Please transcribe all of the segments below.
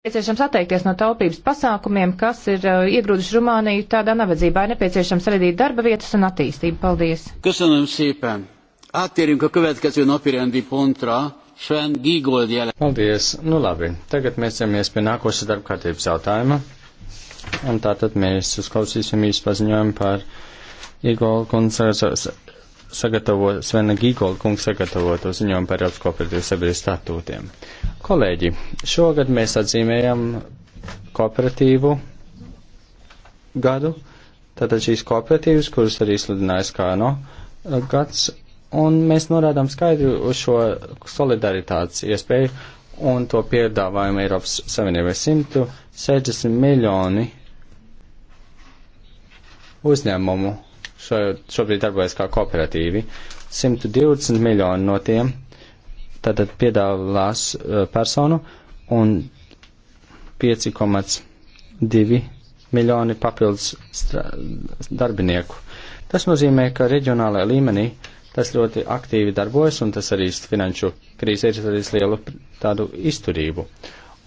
Nepieciešams atteikties no taupības pasākumiem, kas ir uh, iegrūduši Rumāniju tādā nabadzībā. Ir nepieciešams radīt darba vietas un attīstību. Paldies! Köszönöm szépen! Áttérünk a következő napirendi pontra. Sven Gīgold jelen. Paldies! Nu labi, tagad mēs ķeramies pie nākošā darba kārtības jautājuma. Un tātad mēs uzklausīsim īstu paziņojumu par Igor Koncertas sagatavo, Svena Gīgola kungs sagatavoto ziņojumu par Eiropas kooperatīvas sabiedrības statūtiem. Kolēģi, šogad mēs atzīmējam kooperatīvu gadu, tātad šīs kooperatīvas, kuras arī sludinājas kā no gads, un mēs norādām skaidri uz šo solidaritātes iespēju un to piedāvājumu Eiropas Savienībai 160 miljoni uzņēmumu šo, šobrīd darbojas kā kooperatīvi. 120 miljoni no tiem tātad piedalās eh, personu un 5,2 miljoni papildus darbinieku. Tas nozīmē, ka reģionālajā līmenī tas ļoti aktīvi darbojas un tas arī finanšu krīze ir arī lielu tādu izturību.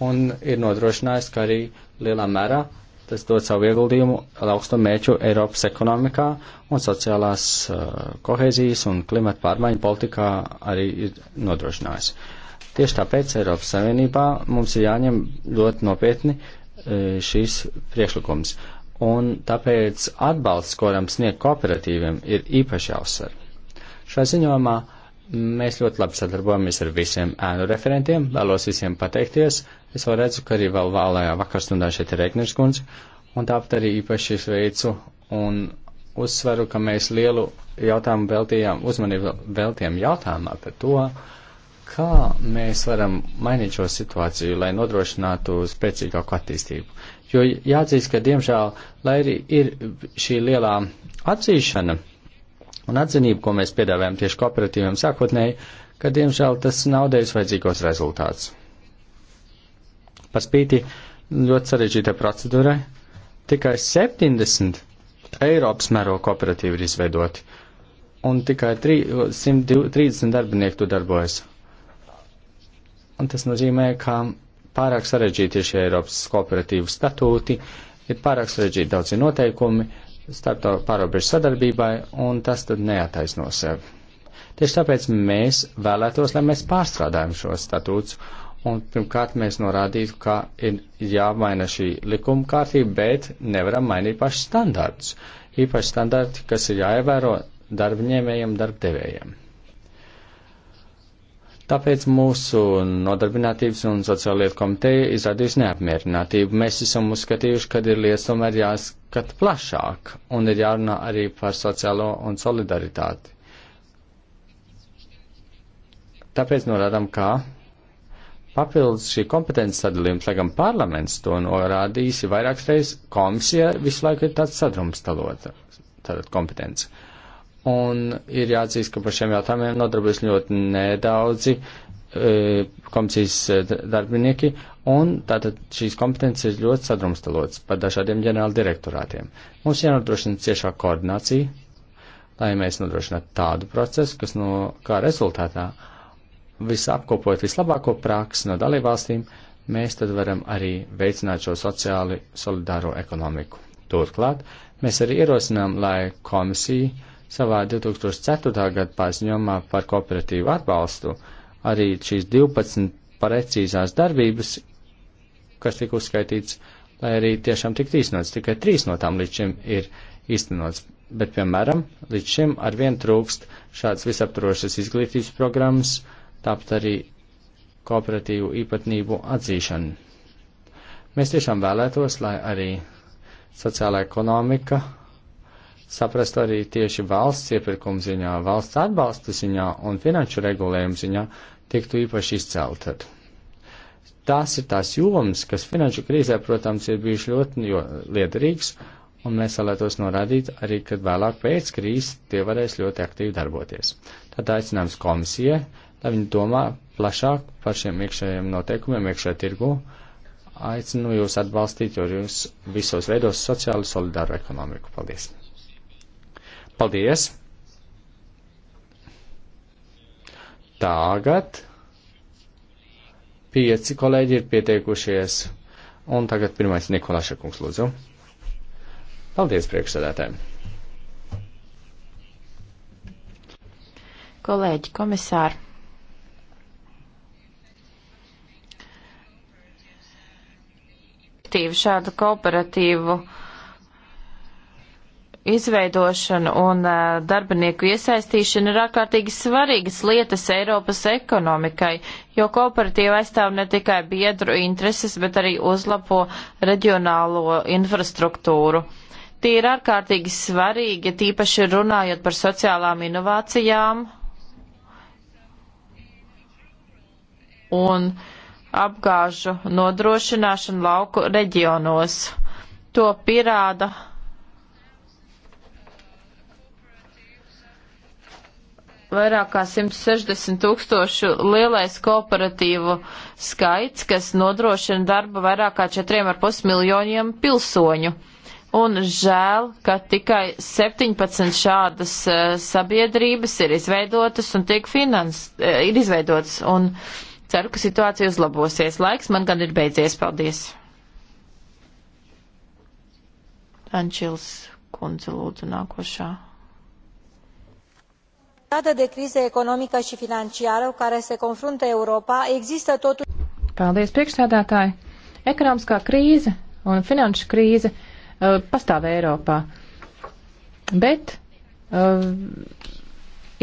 Un ir nodrošinājis, ka arī lielā mērā uh, Tas dod savu ieguldījumu augstu mērķu Eiropas ekonomikā un sociālās uh, kohēzijas un klimata pārmaiņu politikā arī ir nodrošinājis. Tieši tāpēc Eiropas Savienībā mums ir jāņem ļoti nopietni uh, šīs priekšlikums. Un tāpēc atbalsts, ko varam sniegt kooperatīviem, ir īpaši jāuzsver. Šajā ziņojumā uh, Mēs ļoti labi sadarbojamies ar visiem ēnu referentiem, vēlos visiem pateikties. Es vēl redzu, ka arī vēl vēlējā vakarstundā šeit ir Reikners kundze, un tāpat arī īpaši sveicu un uzsveru, ka mēs lielu jautājumu veltījām, uzmanību veltījām jautājumā par to, kā mēs varam mainīt šo situāciju, lai nodrošinātu spēcīgāku attīstību. Jo jāatzīst, ka diemžēl, lai arī ir šī lielā atzīšana, Un atzinību, ko mēs piedāvājam tieši kooperatīviem sākotnēji, ka diemžēl tas nav devis vajadzīgos rezultāts. Par spīti ļoti sarežģītai procedūrai tikai 70 Eiropas mēro kooperatīvi ir izveidoti, un tikai 130 darbinieku tu darbojas. Un tas nozīmē, ka pārāk sarežģīti ir šie Eiropas kooperatīvu statūti, ir pārāk sarežģīti daudzi noteikumi, starptautiskā pārobežu sadarbībai, un tas tad neataisno sevi. Tieši tāpēc mēs vēlētos, lai mēs pārstrādājam šos statūtus. Un pirmkārt mēs norādītu, ka ir jāmaina šī likuma kārtība, bet nevaram mainīt pašus standartus. Īpaši standarti, kas ir jāievēro darbņēmējiem, darbdevējiem. Tāpēc mūsu nodarbinātības un sociālietu komiteja izrādījusi neapmierinātību. Mēs esam uzskatījuši, ka ir lietas tomēr jāskat plašāk un ir jārunā arī par sociālo un solidaritāti. Tāpēc norādām, ka papildus šī kompetences sadalījums, lai gan parlaments to norādījis vairākas reizes, komisija visu laiku ir tāds sadrumstalota tātad kompetence. Uh, Un ir jāatzīst, ka par šiem jautājumiem nodarbojas ļoti nedaudzi e, komisijas e, darbinieki, un tātad šīs kompetences ir ļoti sadrumstalotas par dažādiem ģenerāla direktorātiem. Mums jānodrošina ciešā koordinācija, lai mēs nodrošinātu tādu procesu, kas no kā rezultātā visapkopot vislabāko praksi no dalībvalstīm, mēs tad varam arī veicināt šo sociāli solidāro ekonomiku. Turklāt mēs arī ierosinām, lai komisija savā 2004. gada paziņojumā par kooperatīvu atbalstu arī šīs 12 precīzās darbības, kas tika uzskaitīts, lai arī tiešām tiktu īstenots. Tikai trīs no tām līdz šim ir īstenots. Bet, piemēram, līdz šim arvien trūkst šāds visaptrošas izglītības programmas, tāpat arī kooperatīvu īpatnību atzīšana. Mēs tiešām vēlētos, lai arī sociālā ekonomika saprast arī tieši valsts iepirkuma ziņā, valsts atbalsta ziņā un finanšu regulējuma ziņā tiktu īpaši izcelt. Tās ir tās jomas, kas finanšu krīzē, protams, ir bijuši ļoti liederīgs, un mēs vēlētos norādīt arī, kad vēlāk pēc krīzes tie varēs ļoti aktīvi darboties. Tad aicinājums komisijai, lai viņi domā plašāk par šiem iekšējiem noteikumiem, iekšējā tirgu. Aicinu jūs atbalstīt, jo jūs visos veidos sociāli solidāru ekonomiku. Paldies! Paldies! Tagad pieci kolēģi ir pieteikušies, un tagad pirmais Nikolāša kungs lūdzu. Paldies priekšsēdētājiem! Kolēģi, komisāri! Šādu kooperatīvu uh, izveidošana un darbinieku iesaistīšana ir ārkārtīgi svarīgas lietas Eiropas ekonomikai, jo kooperatīva aizstāv ne tikai biedru intereses, bet arī uzlabo reģionālo infrastruktūru. Tie ir ārkārtīgi svarīgi, tīpaši runājot par sociālām inovācijām un apgāžu nodrošināšanu lauku reģionos. To pierāda vairāk kā 160 tūkstošu lielais kooperatīvu skaits, kas nodrošina darba vairāk kā 4,5 miljoniem pilsoņu. Un žēl, ka tikai 17 šādas uh, sabiedrības ir izveidotas un tiek finans, uh, ir izveidotas. Un ceru, ka situācija uzlabosies. Laiks man gan ir beidzies. Paldies. Ančils kundze lūdzu nākošā dată de criză economică și financiară cu care se confruntă Europa, există totuși. Paldies, priekšsēdētāji! Ekonomiskā krīze un finanšu krīze uh, pastāv Eiropā. Bet uh,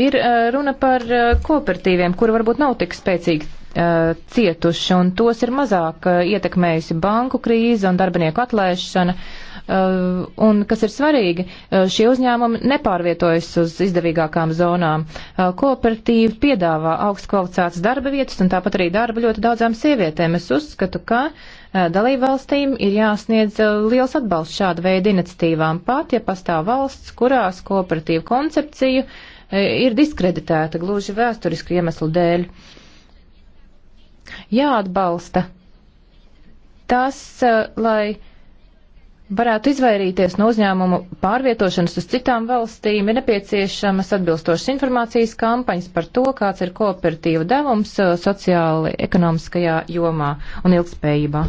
ir uh, runa par uh, kooperatīviem, kuri varbūt nav tik spēcīgi uh, cietuši, un tos ir mazāk uh, ietekmējusi banku krīze un darbinieku atlaišana. Uh, Uh, un kas ir svarīgi, uh, šie uzņēmumi nepārvietojas uz izdevīgākām zonām. Uh, kooperatīva piedāvā augstu kvalificētas darba vietas un tāpat arī darba ļoti daudzām sievietēm. Es uzskatu, ka dalībvalstīm ir jāsniedz liels atbalsts šāda veida iniciatīvām pat, ja pastāv valsts, kurās kooperatīva koncepcija ir diskreditēta gluži vēsturisku iemeslu dēļ. Jāatbalsta tas, lai varētu izvairīties no uzņēmumu pārvietošanas uz citām valstīm, ir nepieciešamas atbilstošas informācijas kampaņas par to, kāds ir kooperatīva devums uh, sociāli, ekonomiskajā jomā un ilgspējībā.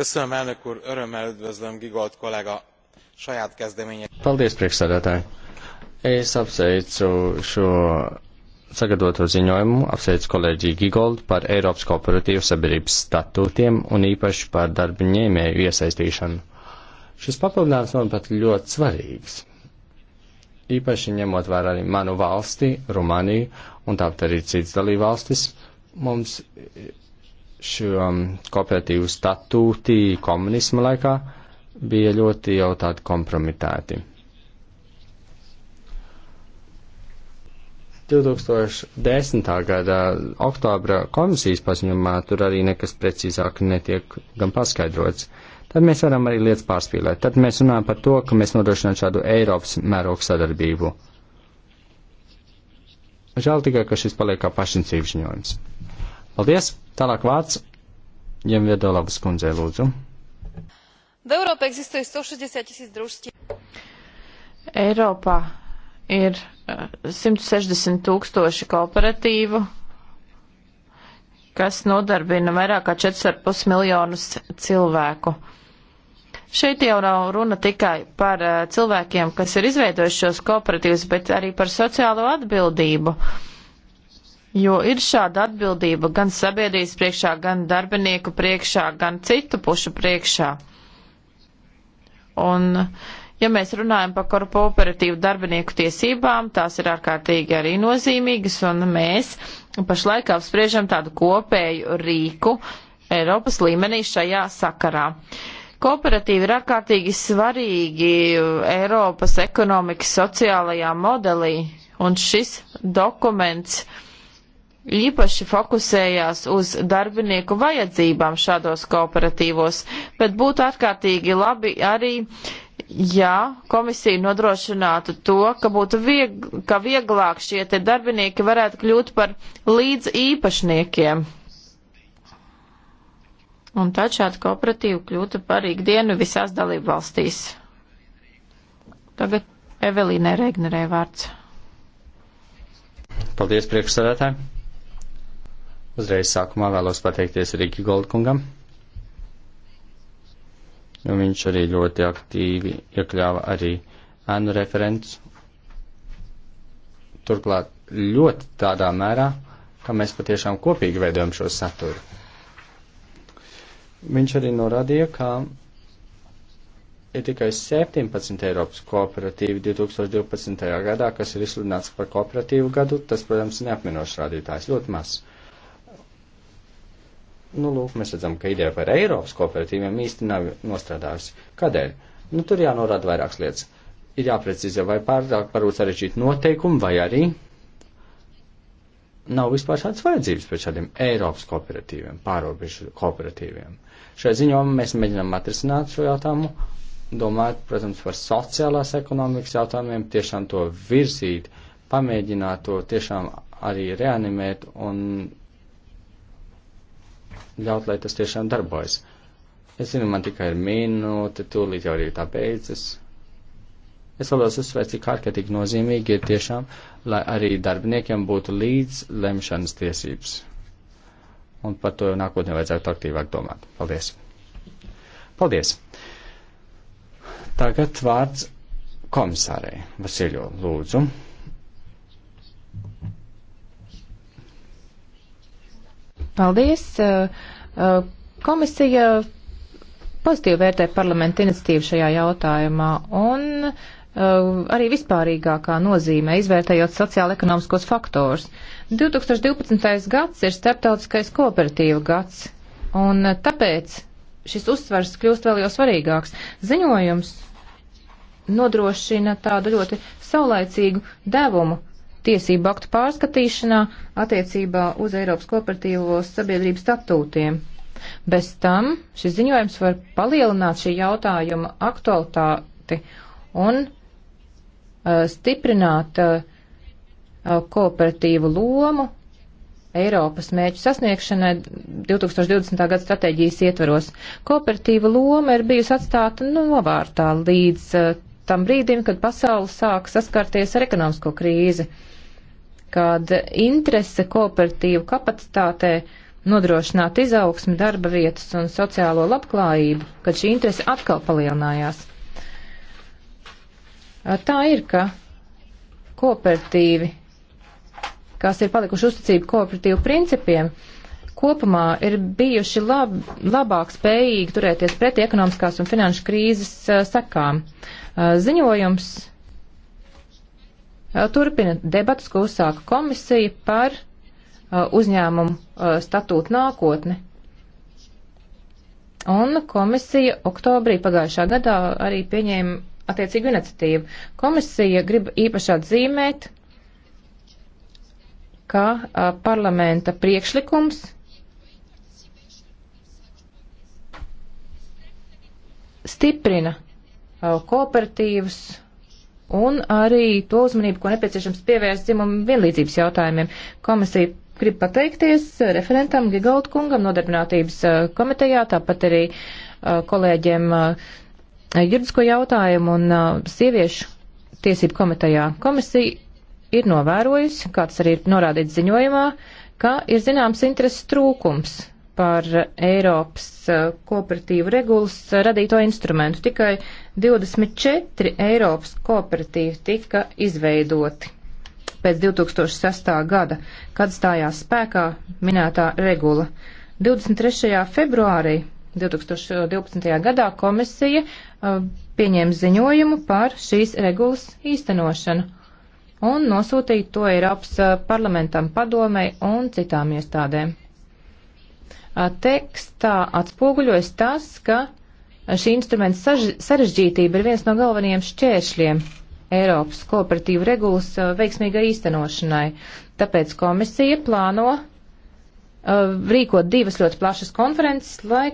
Köszönöm, elnök úr, örömmel üdvözlöm Gigolt kollega saját kezdeménye. Paldies, priekšsēdētāji. Es apsveicu šo sagatavoto ziņojumu apsveic kolēģi Gigoldu par Eiropas kooperatīvu sabiedrības statūtiem un īpaši par darba ņēmēju iesaistīšanu. Šis papildinājums man pat ļoti svarīgs. Īpaši ņemot vērā arī manu valsti, Rumāniju un tāpat arī citas dalībvalstis, mums šo um, kooperatīvu statūtī komunisma laikā bija ļoti jau tādi kompromitēti. 2010. gada oktobra komisijas paziņojumā tur arī nekas precīzāk netiek gan paskaidrots. Tad mēs varam arī lietas pārspīlēt. Tad mēs runājam par to, ka mēs nodrošinām šādu Eiropas mērogu sadarbību. Žēl tikai, ka šis paliek kā pašinicības ziņojums. Paldies! Tālāk vārds Jem Viedolavas kundzei lūdzu. V Eiropā eksistē 160 tisíc družstī. Eiropā ir 160 eh, tūkstoši kooperatīvu, kas nodarbina vairāk kā 4,5 miljonus cilvēku. Šeit jau nav runa tikai par eh, cilvēkiem, kas ir izveidojuši šos kooperatīvus, bet arī par sociālo atbildību. Jo ir šāda atbildība gan sabiedrības priekšā, gan darbinieku priekšā, gan citu pušu priekšā. Un uh, Ja mēs runājam par korporatīvu darbinieku tiesībām, tās ir ārkārtīgi arī nozīmīgas, un mēs pašlaik apspriežam tādu kopēju rīku Eiropas līmenī šajā sakarā. Kooperatīvi ir ārkārtīgi svarīgi Eiropas ekonomikas sociālajā modelī, un šis dokuments īpaši fokusējās uz darbinieku vajadzībām šādos kooperatīvos, bet būtu ārkārtīgi labi arī ja komisija nodrošinātu to, ka būtu vieg, ka vieglāk šie te darbinieki varētu kļūt par līdz īpašniekiem. Un tad šāda kooperatīva kļūtu par ikdienu visās dalību valstīs. Tagad Evelīnai Regnerē vārds. Paldies priekšsēdētāji. Uzreiz sākumā vēlos pateikties Rīki Goldkungam Nu, viņš arī ļoti aktīvi iekļāva arī ēnu referents. Turklāt ļoti tādā mērā, ka mēs patiešām kopīgi veidojam šo saturu. Viņš arī norādīja, ka ir tikai 17 Eiropas kooperatīvi 2012. gadā, kas ir izsludināts par kooperatīvu gadu. Tas, protams, ir neapminošs rādītājs, ļoti mazs. Nu, lūk, mēs redzam, ka ideja par Eiropas kooperatīviem īsti nav nostrādājusi. Kādēļ? Nu, tur jānorāda vairākas lietas. Ir jāprecizē, vai pārāk varbūt sarežģīt noteikumu, vai arī nav vispār šādas vajadzības pēc šādiem Eiropas kooperatīviem, pārobežu kooperatīviem. Šajā ziņā mēs mēģinām atrisināt šo jautājumu, domājot, protams, par sociālās ekonomikas jautājumiem, tiešām to virzīt, pamēģināt to tiešām arī reanimēt un ļaut, lai tas tiešām darbojas. Es zinu, man tikai ir minūte, tūlīt jau arī tā beidzas. Es vēlos uzsvērt, cik ārkārtīgi nozīmīgi ir tiešām, lai arī darbiniekiem būtu līdz lemšanas tiesības. Un par to nākotnē vajadzētu aktīvāk domāt. Paldies! Paldies! Tagad vārds komisārei Vasiljo Lūdzu. Paldies! Eh, eh, komisija pozitīvi vērtē parlamenta iniciatīvu šajā jautājumā un eh, arī vispārīgākā nozīmē, izvērtējot sociāla-ekonomiskos faktors. 2012. gads ir starptautiskais kooperatīva gads, un tāpēc šis uzsvars kļūst vēl jau svarīgāks. Ziņojums nodrošina tādu ļoti saulaicīgu devumu tiesību aktu pārskatīšanā attiecībā uz Eiropas kooperatīvos sabiedrības statūtiem. Bez tam šis ziņojums var palielināt šī jautājuma aktualitāti un uh, stiprināt uh, uh kooperatīvu lomu Eiropas mērķu sasniegšanai 2020. gada stratēģijas ietvaros. Kooperatīva loma ir bijusi atstāta novārtā līdz uh, tam brīdim, kad pasauli sāk saskarties ar ekonomisko krīzi, kad interese kooperatīvu kapacitātē nodrošināt izaugsmi, darba vietas un sociālo labklājību, kad šī interese atkal palielinājās. Tā ir, ka kooperatīvi, kas ir palikuši uzticību kooperatīvu principiem, kopumā ir bijuši lab, labāk spējīgi turēties pretī ekonomiskās un finanšu krīzes uh, sekām. Uh, Uh, ziņojums uh, turpina debatas, ko uzsāka komisija par uh, uzņēmumu statūtu nākotni. Un komisija oktobrī pagājušā gadā arī pieņēma attiecīgu iniciatīvu. Komisija grib īpaši atzīmēt, ka a, parlamenta priekšlikums stiprina Uh, kooperatīvus un arī to uzmanību, ko nepieciešams pievērst dzimumu vienlīdzības jautājumiem. Komisija grib pateikties referentam Gigaldu kungam, nodarbinātības uh, komitejā, tāpat arī uh, kolēģiem juridisko jautājumu un sieviešu tiesību komitejā. Komisija ir novērojusi, kāds arī ir norādīts ziņojumā, ka ir zināms intereses trūkums par Eiropas eh, kooperatīvu regulas radīto instrumentu. Tikai 24 Eiropas kooperatīvi tika izveidoti pēc 2006. gada, kad stājās spēkā minētā regula. 23. februārī 2012. gadā komisija eh, pieņēma ziņojumu par šīs regulas īstenošanu un nosūtīja to Eiropas eh, parlamentam, padomei un citām iestādēm tekstā atspoguļojas tas, ka šī instrumenta sarežģītība ir viens no galvenajiem šķēršļiem Eiropas kooperatīvu regulas veiksmīgai īstenošanai. Tāpēc komisija plāno rīkot divas ļoti plašas konferences, lai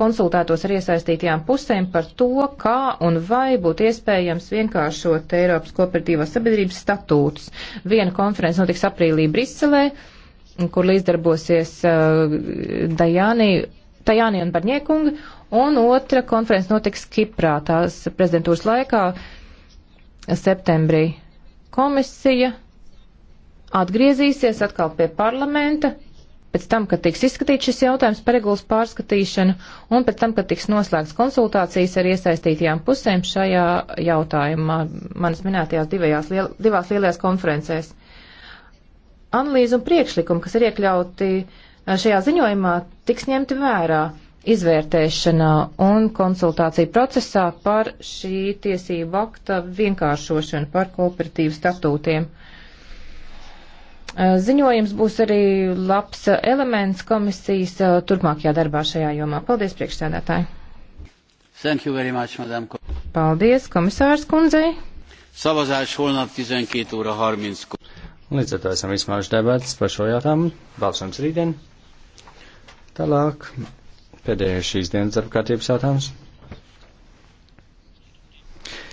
konsultētos ar iesaistītajām pusēm par to, kā un vai būtu iespējams vienkāršot Eiropas kooperatīvās sabiedrības statūtus. Viena konferences notiks aprīlī Briselē, kur līdzdarbosies uh, Dajāni, Tajāni un Barņiekunga, un otra konferences notiks Kiprā tās prezidentūras laikā septembrī. Komisija atgriezīsies atkal pie parlamenta pēc tam, kad tiks izskatīts šis jautājums par regulas pārskatīšanu un pēc tam, kad tiks noslēgts konsultācijas ar iesaistītajām pusēm šajā jautājumā manas minētajās divajās, liel, divās lielajās konferencēs analīze un priekšlikumi, kas ir iekļauti eh, šajā ziņojumā, tiks ņemti vērā izvērtēšanā un konsultāciju procesā par šī tiesību akta vienkāršošanu par kooperatīvu statūtiem. Eh, ziņojums būs arī labs elements komisijas eh, turpmākajā darbā šajā jomā. Paldies, priekšsēdētāji! Much, madam. Paldies, komisārs kundzei! Savazás holnap 12 óra 30 kor. Un līdz ar to esam izmājuši debats par šo jautājumu. Balsojums rītdien. Tālāk pēdējais šīs dienas darbkārtības jautājums.